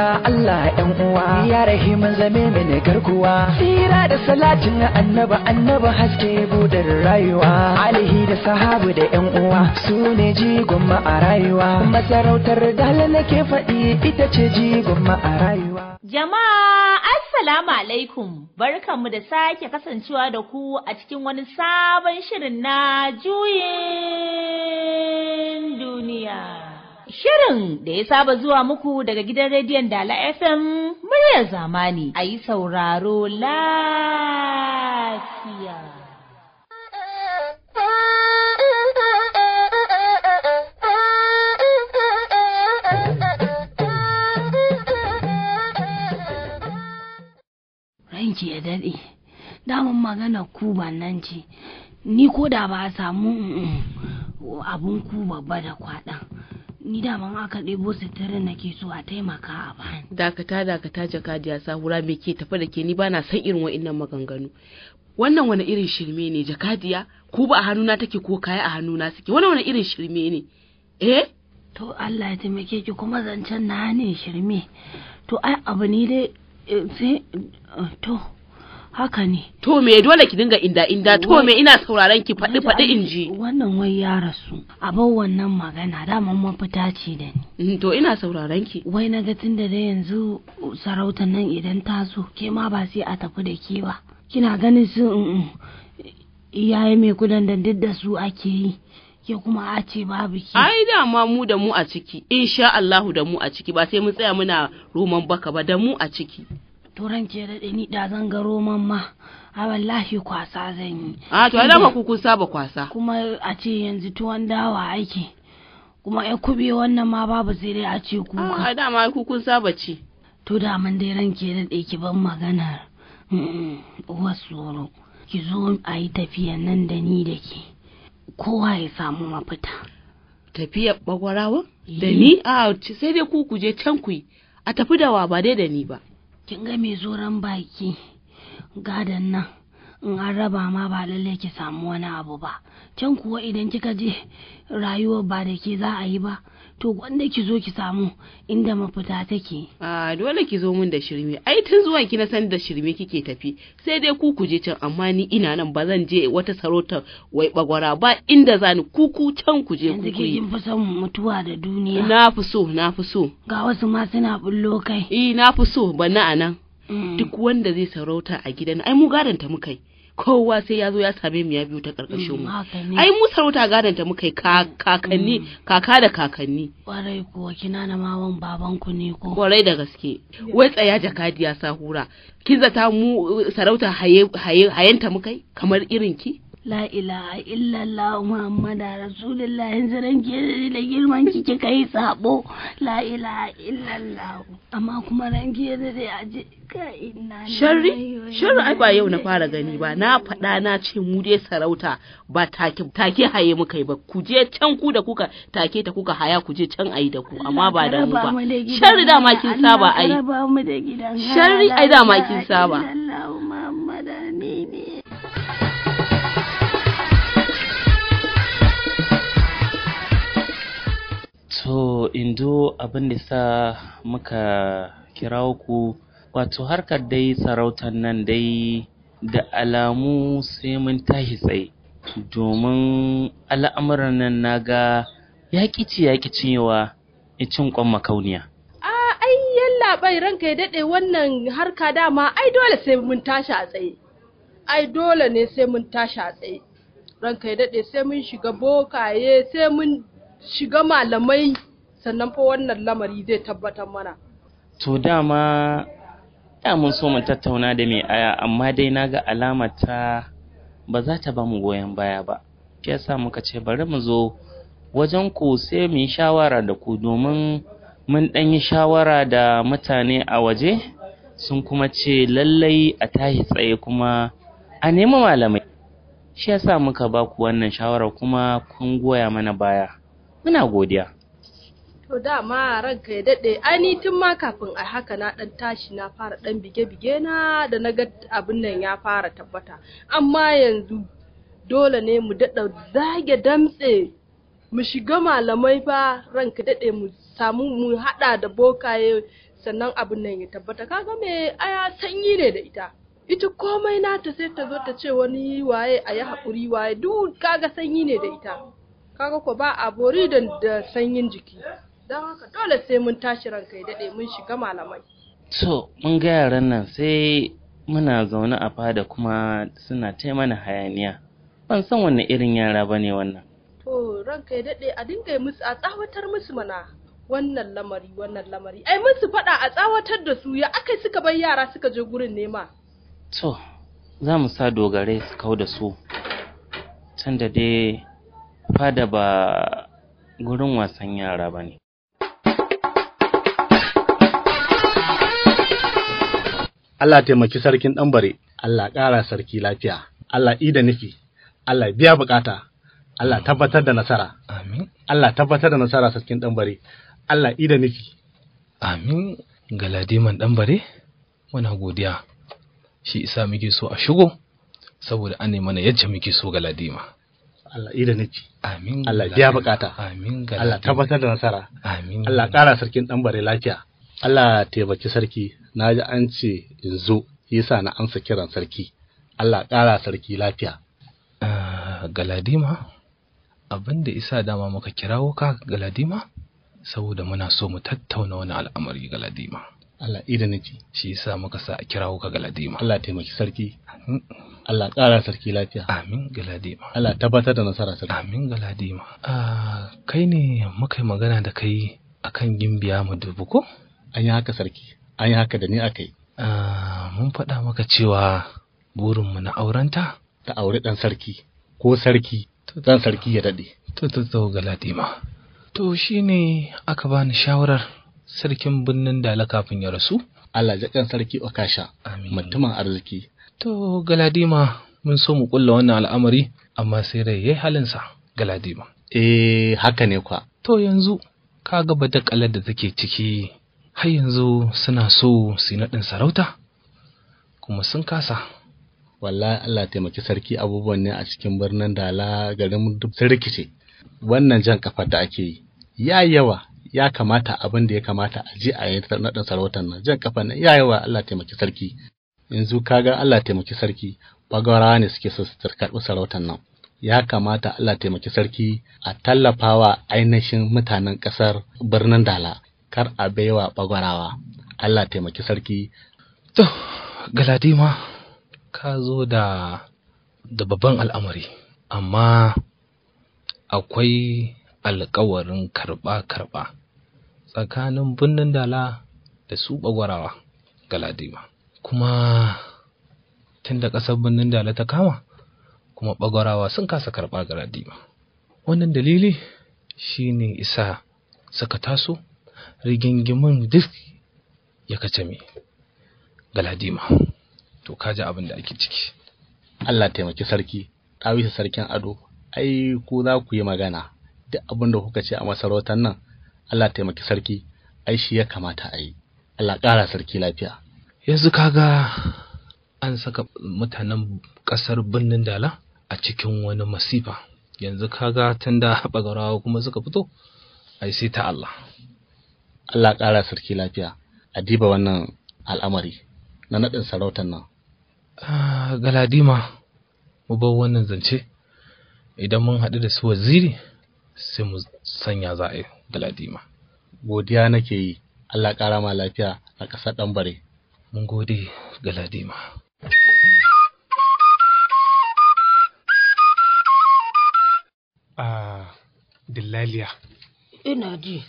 na Allah ɗan uwa ya man zame mini garkuwa hira da salatin annaba annaba haske budar rayuwa alihi da sahabu da ɗan uwa su ne jigon a rayuwa masarautar dala nake faɗi ita ce jigon ma a rayuwa jama'a assalamu alaikum barkanmu da sake kasancewa da ku a cikin wani sabon shirin na juyin duniya shirin da ya saba zuwa muku daga gidan rediyon Dala FM muryar zamani a yi sauraro lafiya. Ranki ya daɗe, damun magana ku nan ce, ni ko da ba a samu mm, mm, abun ku babba da kwaɗan. ni daman aka ɗebo sitirin ke so a taimaka a bani. dakata dakata jakadiya sahura me ke tafi da ke ni ba na san irin wa'innan maganganu wannan wani irin shirme ne jakadiya ko ba a hannuna take ko kaya a hannuna suke wannan wani irin shirme ne eh to Allah ya taimake ki kuma zancen na ne shirme to ai abu ne dai eh, sai eh, to haka ne to me dole ki dinga inda inda to me ina sauraron ki faɗi faɗi in ji wannan wai ya rasu a bar wannan magana daman mafita ce da ni mm, to ina sauraron ki wai na ga tunda da yanzu sarauta nan idan ta zo ke ma ba sai a tafi da ke ba kina ganin su iyaye mai kudan da duk da su ake yi ke kuma a ce babu ki. Ai dama mu da mu a ciki, insha Allahu da mu a ciki ba sai mun tsaya muna roman baka ba da mu a ciki. turanci ke da ni da zan ga roman ma a wallahi kwasa zan yi a to da ku kun saba kwasa kuma a ce yanzu tuwon dawa aiki kuma ya kube wannan ma babu sai dai a ce kuka a dama ku kun saba ci to da mun dai ranke da daɗe ki ban magana uwar tsoro ki zo a yi tafiya nan da ni da ke kowa ya samu mafita tafiya bagwarawa da eh. ni a sai dai ku kuje je can ku yi a tafi da wa ba dai da ni ba kin ga mai zoron baki gadan nan in an raba ma ba lallai ki samu wani abu ba can kuwa idan kika je rayuwar ba da ke za a yi ba to wanda ki zo ki samu inda mafita take. A dole ki zo mun da shirme, ai tun zuwa ki na san da shirme kike tafi, sai dai ku kuje can amma ni ina nan ba zan je wata sarauta wai bagwara ba inda za ni kuku can ku je ku yi. Yanzu kin mutuwa da duniya. Na fi so, na fi so. Ga wasu ma suna bullo kai. Eh na fi so, ba na anan. Mm. Duk wanda zai sarauta a gidan ai mu mu mukai. kowa sai ya zo ya same mu ya biyo ta karkashin mu mm, ai mu sarauta gadon ta muka kakanni mm. kaka da kakanni kwarai kuwa kina na wan baban ku ne ko kwarai da gaske wai tsaya jakadi ya sa kin zata mu sarauta haye hayenta muka kamar irin ki la ilaha illallah muhammad rasulullah yanzu ran da girman kike kai sabo la ilaha illallah amma kuma ran da dai aje ka inna sharri sharri ai ba yau na fara gani ba na faɗa na ce mu dai sarauta ba take take haye muka yi ba ku je can ku da kuka take ta kuka haya ku je can ayi da ku amma ba da mu ba sharri ma kin saba ai sharri ai ma kin saba Allah Muhammada To indo abin da sa muka kirawo ku wato harkar dai sarautar nan dai da alamu sai mun tashi tsaye domin al'amuran nan naga yaƙi kici yaƙi cinyewa cin kwan makauniya. A ai bai ranka ya daɗe wannan harka dama ai dole sai mun tashi a tsaye. Ai dole ne sai mun tashi a tsaye. Ranka ya daɗe sai mun shiga bokaye sai mun shiga malamai sannan fa wannan lamari zai tabbatar mana to dama da mun so mu tattauna da mai aya amma dai na ga alama ta ba za ta ba mu goyon baya ba shi yasa muka ce bari mu zo wajen ku sai mu yi shawara da ku domin mun ɗan yi shawara da mutane a waje sun kuma ce lallai a tashi tsaye kuma a nemi malamai shi yasa muka ba ku wannan shawara kuma kun goya mana baya muna godiya to dama ranka ya daɗe ani tun ma kafin a haka na ɗan tashi na fara ɗan bige-bige na da na ga abin nan ya fara tabbata amma yanzu dole ne mu daɗa zage damtse mu shiga malamai fa ranka daɗe mu samu mu haɗa da bokaye sannan abin nan ya tabbata kaga me aya sanyi ne da ita ita komai nata sai ta zo ta ce wani waye a yi haƙuri waye duk kaga sanyi ne da ita kaga ko ba a bori da sanyin jiki don haka dole sai mun tashi ranka ya daɗe mun shiga malamai to mun ga yaran nan sai muna zaune a fada kuma suna ta mana hayaniya ban san wanne irin yara ba ne wannan to ranka ya daɗe a dinga musu a tsawatar musu mana wannan lamari wannan lamari ai musu faɗa a tsawatar da su ya akai suka bar yara suka je gurin nema to za mu sa dogare su kau da su can da dai fada ba gurin wasan yara ba ne Allah taimaki sarkin ɗanbare, Allah ƙara sarki lafiya, Allah ida nufi, Allah biya bukata, Allah tabbatar da nasara. Amin. Allah tabbatar da nasara sarkin ɗanbare, Allah ida nufi. Amin galadiman ɗanbare, muna godiya, shi isa muke so a shigo, saboda an ne mana yadda muke so galadima. Allah ida nake amin Allah biya bukata amin Allah tabbatar da nasara amin Allah kara sarkin dan bare lafiya Allah taimaki sarki na ji an ce in zo yasa na amsa kiran sarki Allah kara sarki lafiya ah, galadima abin da isa dama muka kirawo ka galadima saboda muna so mu tattauna wani al'amari galadima Allah ida nake shi yasa muka sa a kirawo ka galadima Allah taimaki sarki Allah ƙara sarki lafiya. Amin ga ladima. Allah tabbatar da nasara sarki. Amin ga ladima. Ah, kai ne muka yi magana da kai akan gimbiya mu dubu ko? An yi haka sarki, an yi haka da ni aka yi. Ah, mun faɗa maka cewa burinmu na aurenta? Ta auri ɗan sarki, ko sarki, ɗan sarki ya daɗe. To, to, to, ladima. To, shi ne aka bani shawarar sarkin birnin Dala kafin ya rasu? Allah jaƙan sarki Okasha, mutumin arziki, To Galadima mun so mu kulla wannan al'amari amma sai rai yayi halinsa Galadima. Eh haka ne kwa. To yanzu ka ga badakalar da take ciki har yanzu suna so su naɗin sarauta kuma sun kasa. Wallahi Allah taimaki sarki abubuwan ne a cikin birnin Dala garin duk sun rikice. Wannan jan kafa da ake yi ya yawa ya kamata abin da ya kamata a je a yi naɗin sarautar nan jan kafa nan ya yawa Allah taimaki sarki. yanzu kaga Allah taimaki sarki ɓagarawa ne suke so su karɓi sarautar nan ya kamata Allah taimaki sarki a tallafawa ainihin mutanen ƙasar birnin Dala kar a baiwa bagwarawa Allah taimaki sarki to galadima ka zo da da babban al'amari amma akwai alkawarin karɓa-karɓa tsakanin birnin Dala da su bagwarawa galadima kuma tun ƙasar birnin dala ta kama kuma ɓagarawa sun kasa karɓa garadi ba wannan dalili shi ne isa suka taso rigingimin duk ya kace mai galadima to kaji abin da ake ciki Allah taimaki sarki ɗawisa sarkin ado ai ku za ku yi magana duk abin da kuka ce a masarautar nan Allah taimaki sarki ai shi ya kamata a yi Allah ƙara sarki lafiya yanzu kaga an saka mutanen ƙasar birnin dala a cikin wani masifa yanzu kaga tun da rawa kuma suka fito ai sai ta Allah Allah ƙara sarki lafiya a diba wannan al'amari na naɗin sarautar nan ah, galadima mu bar wannan zance idan mun haɗu da su waziri sai mu sanya za galadima godiya nake yi Allah ƙara ma lafiya a ƙasar ɗan bare mun gode ga ladima a ah, dillaliya ina ji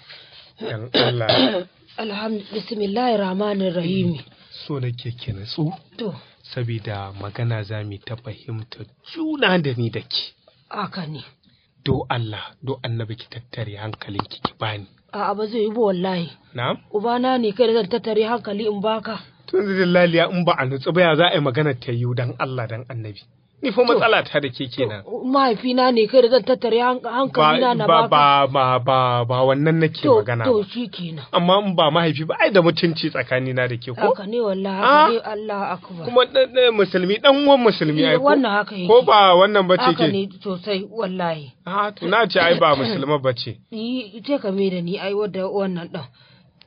Yan Allah alhamdulillah bismillahir rahmanir rahim mm, so nake ki natsu to saboda magana za mu ta fahimta juna da ni da ke haka ne do Allah do annabi ki tattare hankalinki ki bani a'a ba zai yi ba wallahi na'am ubana ne kai da zan tattare hankali in baka tun zidin laliya in ba a nutsu ba ya za a yi magana ta yiwu don Allah don annabi ni fa matsala ta da ke kenan mahaifina ne kai da zan tattare hankalina na ba ba ba ba ba wannan nake magana to shi kenan amma in ba mahaifi ba ai da mutunci tsakani na da ke ko haka ne wallahi haka ne ah! Allah akbar kuma dan musulmi dan uwan musulmi eh, ai wannan haka yake ko ba wannan bace ke haka ne sosai wallahi a ah, to na ce ai ba musulma ce. ni ce ka me da ni ai wadda wannan dan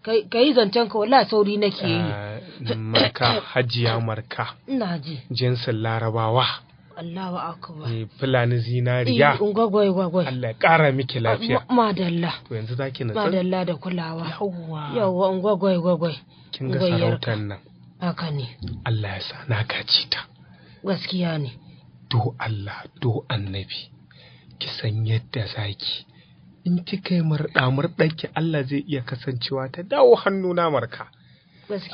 ka yi zancen ka wala sauri na ke yi eh, marka hajiya marka ina ji jinsin larabawa Allah Allahu akbar Ne eh, fulani zinariya gwagwai eh, gwagwai Allah ya kara miki lafiya madalla to yanzu zaki na madalla da kulawa yawwa yawwa gwagwai gwagwai kin ga sarautar nan haka ne Allah ya sa na gaci ta gaskiya ne do Allah do annabi ki san yadda zaki in kika yi murɗa murɗanki Allah zai iya kasancewa ta dawo hannu na marka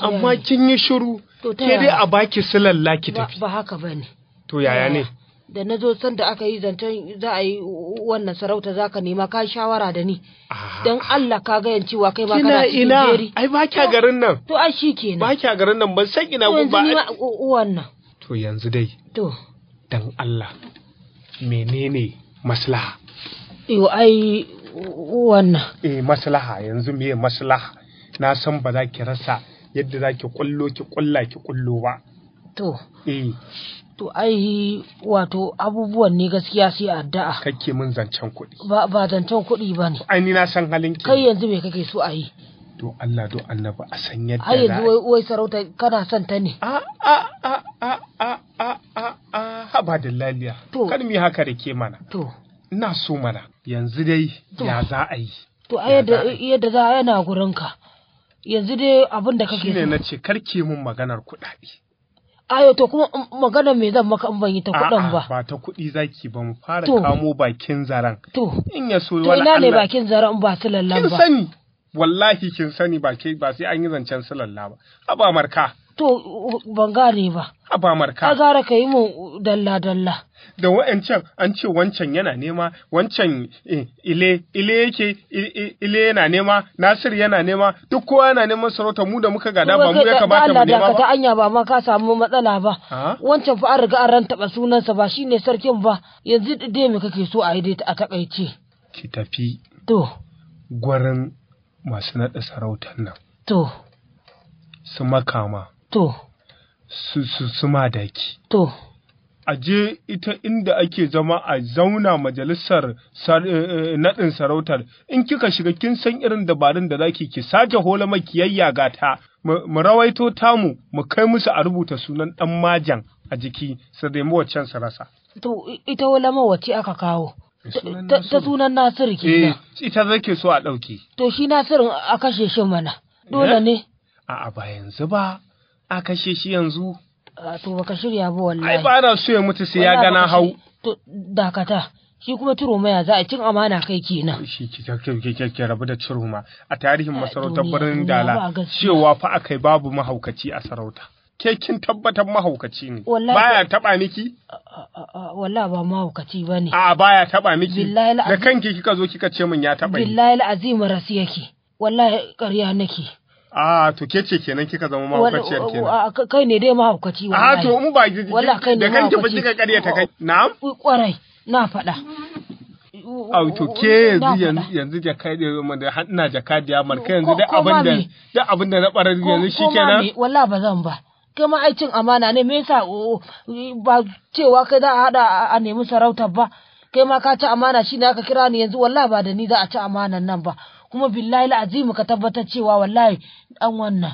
amma kin yi shiru ke dai a baki silalla ki tafi ba haka ne. to yaya ne da na zo san da aka yi zancen za a yi wannan sarauta za ka nema ka shawara da ni don Allah ka gayan cewa kai ma kana cikin jeri ai ba kya garin nan to ai shi kenan ba kya garin nan ban san ina gun ba wannan to yanzu dai to Allah menene maslaha yo ai wannan eh maslaha yanzu meye maslaha na san ba za ki rasa yadda za ki kullo ki kulla ki kullo ba to eh to ai wato abubuwan ne gaskiya sai addu'a kake min zancen kuɗi ba ba zancen kuɗi ba ne ai ni na san halin ki kai yanzu me kake so a yi to Allah do annabi a san yadda ai yanzu wai wai sarauta kana son ta ne a ah, a ah, a ah, a a a a a haba da laliya kar mi haka da ke mana to ina so mana yanzu dai ya za a yi to yadda za a yana gurinka yanzu dai abin da kake shine na ce karke mun maganar kuɗaɗe ayo to kuma um, maganar me zan maka in ban yi ta kuɗin ba ba ta kuɗi zaki ba mu fara kamo bakin zaren to in ya so Allah to ina ne bakin zaren ba su lallan ba kin sani wallahi kin sani ba ba sai an yi zancen su lalla ba haba marka To, ban gane ba. ba marka. A gara ka yi mu dalla-dalla. Da wa'ancan an ce wancan yana nema, wancan eh, ile, ile yake, ile yana nema, Nasir yana nema, duk kowa yana neman sarauta mu da muka gada ba mu ya kamata mu nema ba. Allah da anya ba ma ka samu matsala ba. Wancan fa an riga an rantaba sunansa ba shine sarkin ba, yanzu dai me kake so a yi dai a takaice. Ki tafi. To. Gwarin masu naɗa sarautar nan. To. Su makama. To. Su su su madaki. To. A je ita inda ake zama a zauna majalisar eh, eh, naɗin sarautar in kika shiga kin san irin dabarun da zaki ki sake hola makiyayya ga ta mu rawaito tamu mu kai musu a rubuta sunan ɗan majan a jiki su nemi waccan su rasa. To ita wala wacce aka kawo. Ta sunan Nasiru ke Eh, ita zake so a ɗauke. To shi Nasiru a kashe shi mana, dole eh? ne. A'a ba yanzu ba. a kashe shi yanzu to baka shirya ba wallahi ai ba na so ya mutu sai ya gana hau to dakata shi kuma turoma ya za a cin amana kai kenan shi ki rabu da turoma a tarihin masarautar birnin dala cewa fa akai babu mahaukaci a sarauta ke kin tabbatar mahaukaci ne baya taba miki wallahi ba mahaukaci bane a baya taba miki da kanki kika zo kika ce min ya taba billahi alazim rasiyaki. wallahi ƙarya nake A to ke ce kenan kika zama mahaukaciyar uh, kenan. Uh, kai ne dai mahaukaci wallahi. A to in ba da kanki ka kika ta kai. Na'am. Uh, kwarai na faɗa. A to ke yanzu yanzu da ma da ina jakadiya marka yanzu da abin da da abin da na barar yanzu shikenan. Wallahi ba zan ba. Kai ma ai cin amana ne me yasa ba cewa kai za a hada a nemi sarautar ba. Kai ma ka ci amana shine aka kira ni yanzu wallahi ba da ni za a ci amanan nan ba. kuma billahi la'azimu ka tabbatar cewa wallahi dan wannan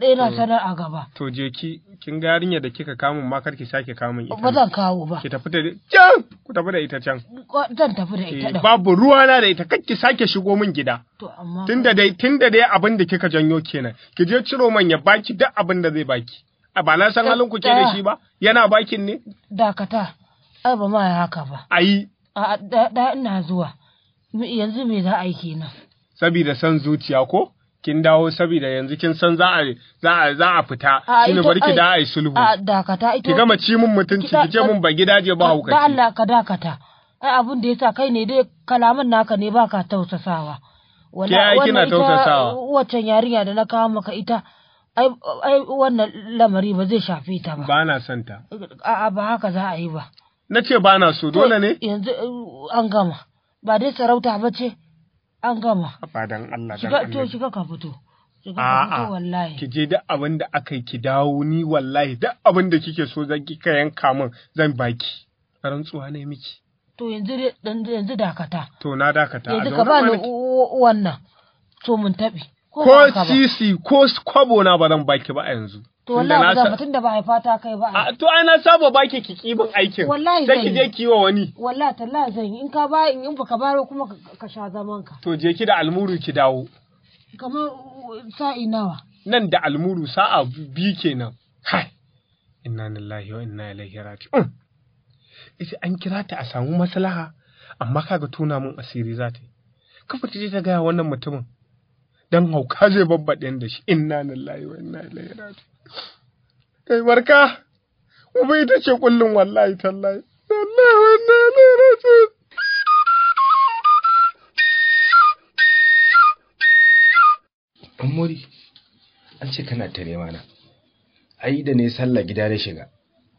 ɗaya mm. sanar a gaba. To je ki kin ga yarinya da kika kamun ma kar ki sake kamun ita. Ba zan kawo ba. Ki tafi da can ku tafi da ita can. Zan tafi da ita da. Eh, babu ruwa na da ita kar ki sake shigo min gida. To amma. Tunda dai tunda dai abin da kika janyo kenan. Ki je ciro man ya baki duk abin da zai baki. A ba na san halin ku ke da shi ba. Yana bakin ne. Dakata. Ai ba ma haka ba. Ayi. A da ina zuwa. Yanzu me za a yi kenan? sabida san zuciya ko kin dawo saboda yanzu kin san za a za a za a fita shine bari ki da ai sulhu a dakata ito ki gama ci mun mutunci ki ce mun ba gidaje ba hukaci ba Allah ka dakata ai abun da yasa kai ne dai kalaman naka ne baka tausasawa wallahi kina tausasawa waccan yarinya da na kawo maka ita ai ai wannan lamari ba zai shafe ta ba ba na son ta a'a ba haka za a yi ba na ce ba na so dole ne yanzu an gama ba dai sarauta ba ce an gama A dan Allah shiga to shiga ka fito wallahi. ki je duk abin da aka yi ki dawo ni wallahi duk abin da kike so zan kika yanka min zan baki. Rantsuwa ne miki. To yanzu yanzu dakata. To na dakata. Yanzu ka ni wannan. To mun taɓi. Ko sisi ko kwabo na ba zan baki ba a yanzu. To wallahi ba mutum da ba haifa ta kai ba. To ai na saba ba ki kibin aikin. Wallahi Sai ki je ki wa wani. Wallahi tallahi zan yi in ka ba in baka baro kuma ka sha zaman ka. To je ki da almuru ki dawo. Kamar sa'i nawa. Nan da almuru sa'a bi kenan. Hai. Inna lillahi wa inna ilaihi raji'un. Ita an kira ta a samu maslaha amma kaga tona mun asiri za ta yi. Kafa ta je ta gaya wannan mutumin. Dan hauka zai babbaɗe da shi inna lillahi wa inna ilaihi raji'un. kai barka kuma ita ce kullun wallahi tallahi wallahi wannan ne rasul Amori, an ce kana ta nema na. Ai da ne sallah gida da shiga.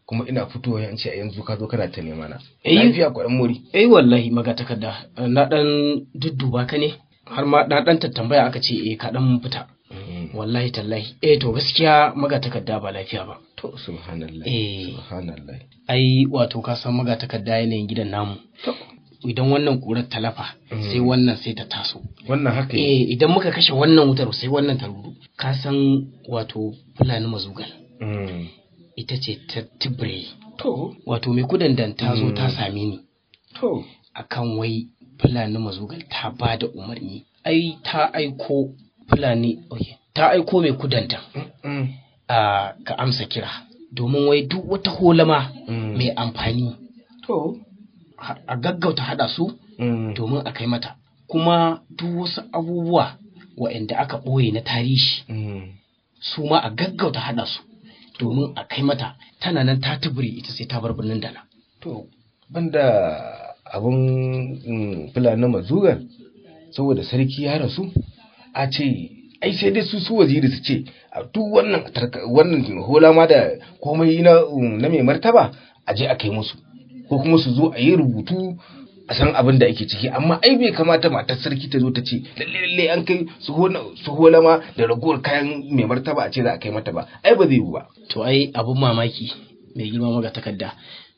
Kuma ina fitowa an ce a yanzu ka zo kana ta nema na. Eh, lafiya ku mori Eh wallahi maga takarda. Na dan dudduba ka ne. Har ma na dan tattambaya aka ce eh ka dan fita. wallahi tallahi eh to gaskiya maga takarda ba lafiya ba to subhanallah eh subhanallah ai wato ka san maga takarda yanayin gidan namu to idan wannan kurar talafa mm. sai wannan sai ta taso wannan haka eh idan muka kashe wannan wutar sai wannan ta rudu ka san wato fulani mazugal mm. ita ce ta tibre to wato mai kudandan ta zo ta mm. same ni to akan wai fulani mazugal ta ba da umarni ai ta aiko fulani oke ta aiko mai kudanta a ka amsa kira domin wai duk wata holama mm. mai amfani to a gaggauta hada su mm. domin a kai mata kuma duk wasu abubuwa waɗanda aka ɓoye na tarihi mm. su ma a gaggauta hada su domin a kai mata tana nan ta tuburi ita sai ta bar birnin da nan to banda abun fulani mazugan saboda sarki ya rasu a ce ai sai dai su su waziri su ce a duk wannan wannan hola ma da komai na um, na mai martaba a je a kai musu ko kuma su zo a yi rubutu a san abin da ake ciki amma ai bai kamata matar sarki ta zo ta ce lalle lalle an kai su hola ma da ragowar kayan mai martaba a ce za a kai mata ba ai ba zai yi ba to ai abun mamaki mai girma maga takarda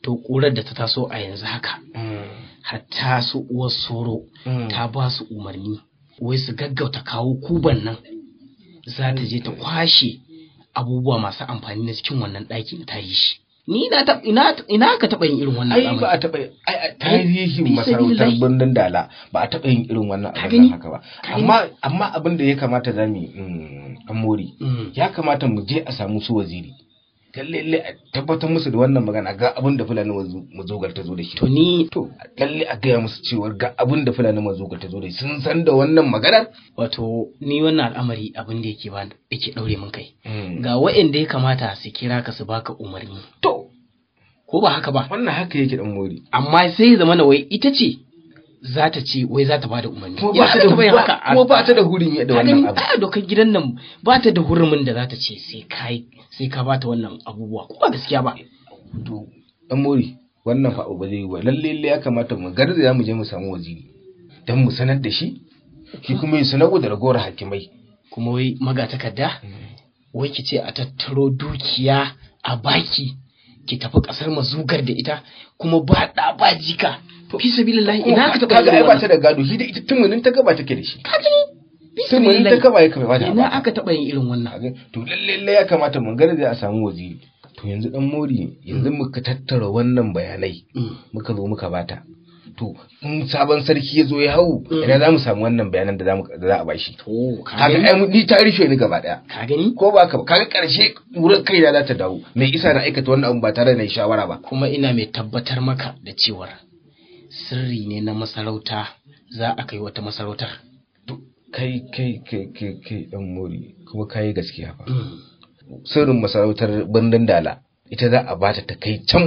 to ƙurar da ta taso a yanzu haka mm. hatta su uwar soro mm. ta ba su umarni wai su gaggauta kawo kuban nan za ta je ta kwashe abubuwa masu amfani na cikin wannan ɗakin ta yi shi ni na ta ina ina ka taɓa yin irin wannan abin ba a taɓa ai tarihin masarautar birnin Dala ba a taɓa yin irin wannan abin haka ba amma amma abin da ya kamata zamu yi mm, amori mm. ya kamata mu je a samu su waziri Talle a tabbatar musu da wannan magana ga abin da fulani mazogar ta zo da shi to ni to talle a gaya musu cewa ga abin da fulani mazogar ta zo da shi sun san da wannan magana wato ni wannan al'amari abin da yake ba yake daure min kai hmm. ga waɗanda ya kamata su kira ka su baka umarni to ko ba haka ba wannan haka yake dan mori amma sai ya zama na wai ita ce za ta ce wai za ta bada umarni ya ta taba haka kuma ba ta da hurin yadda wannan abu a dokar gidan nan ba ta da hurumin da za ta ce sai kai sai ka bata wannan abubuwa ko ba gaskiya ba to dan mori wannan fa ba zai yi ba lalle lalle ya kamata mu garzaya mu je mu samu waziri dan mu sanar da shi shi kuma ya sanar da ragowar hakimai kuma wai maga takarda, mm. wai ki ce a tattaro dukiya a baki ki tafi kasar mazugar da ita kuma ba ɗa ba jika fi sabilillah ina ka taba kaga ai ba ta da gado shi da ita tumunin ta gaba take da shi tumunin ta gaba ya kafa ba ina aka taba yin irin wannan to lalle ya kamata mun gane da a samu waziri to yanzu dan mori yanzu mm. muka tattara wannan bayanai mm. muka zo muka bata to in sabon sarki ya zo ya hau mm. Ina za mu samu wannan bayanan da za a bashi kaga ai ni ta rishe ni gaba daya ka gani ko ba ka kaga karshe wurin kaina za ta dawo mai isa na aikata wannan abu ba tare da shawara ba kuma ina mai tabbatar maka da cewar sirri ne na masarauta za a kai wata masarautar kai kai kai kai kai ɗan mori kuma kayi gaskiya fa mm. sirrin masarautar birnin dala ita za a bata ta kai can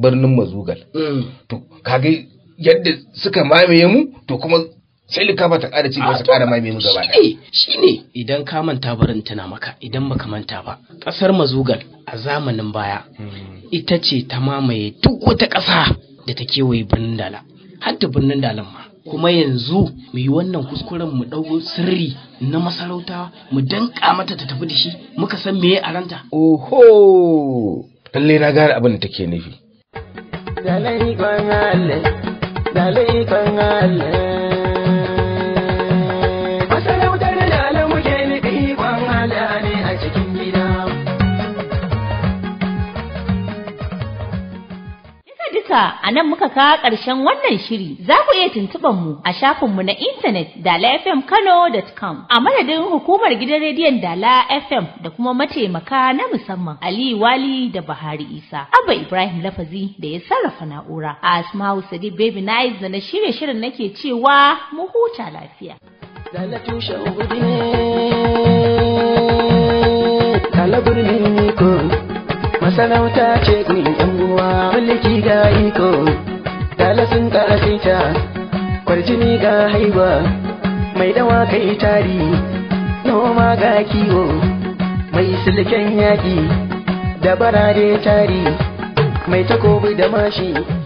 birnin mazugal mm. to kagai yadda suka mamaye mu to kuma sai ba ta ƙara ci ba su ƙara mamaye mu gaba ɗaya ne, idan ka manta barin tana maka idan baka manta ba ƙasar mazugal a zamanin baya mm. ita ce ta mamaye duk wata ƙasa da ta kewaye birnin dala hatta birnin dalan ma kuma yanzu mu yi wannan kuskuren mu ɗau sirri na masarauta mu danka mata ta tafi da shi muka san meye a ranta oho lalle na gara abin da take nufi dalai kan Allah dalai kan Allah duka a nan muka kawo ƙarshen wannan shiri. Za ku iya tuntuɓar mu a shafin mu na intanet dalafmkano.com a madadin hukumar gidan rediyon Dala FM da kuma mataimaka na musamman Ali Wali da Bahari Isa. Abba Ibrahim Lafazi da ya sarrafa na'ura. A Asma'u Sadiq Baby Nice da na shirye shirin nake cewa mu huta lafiya. Dala tushen dala birnin masarauta ce kun yan mulki ga iko dala sun kwarjini ga haiba mai dawa kai tari noma ga kiwo mai silken yaƙi da barare tari mai takobi da mashi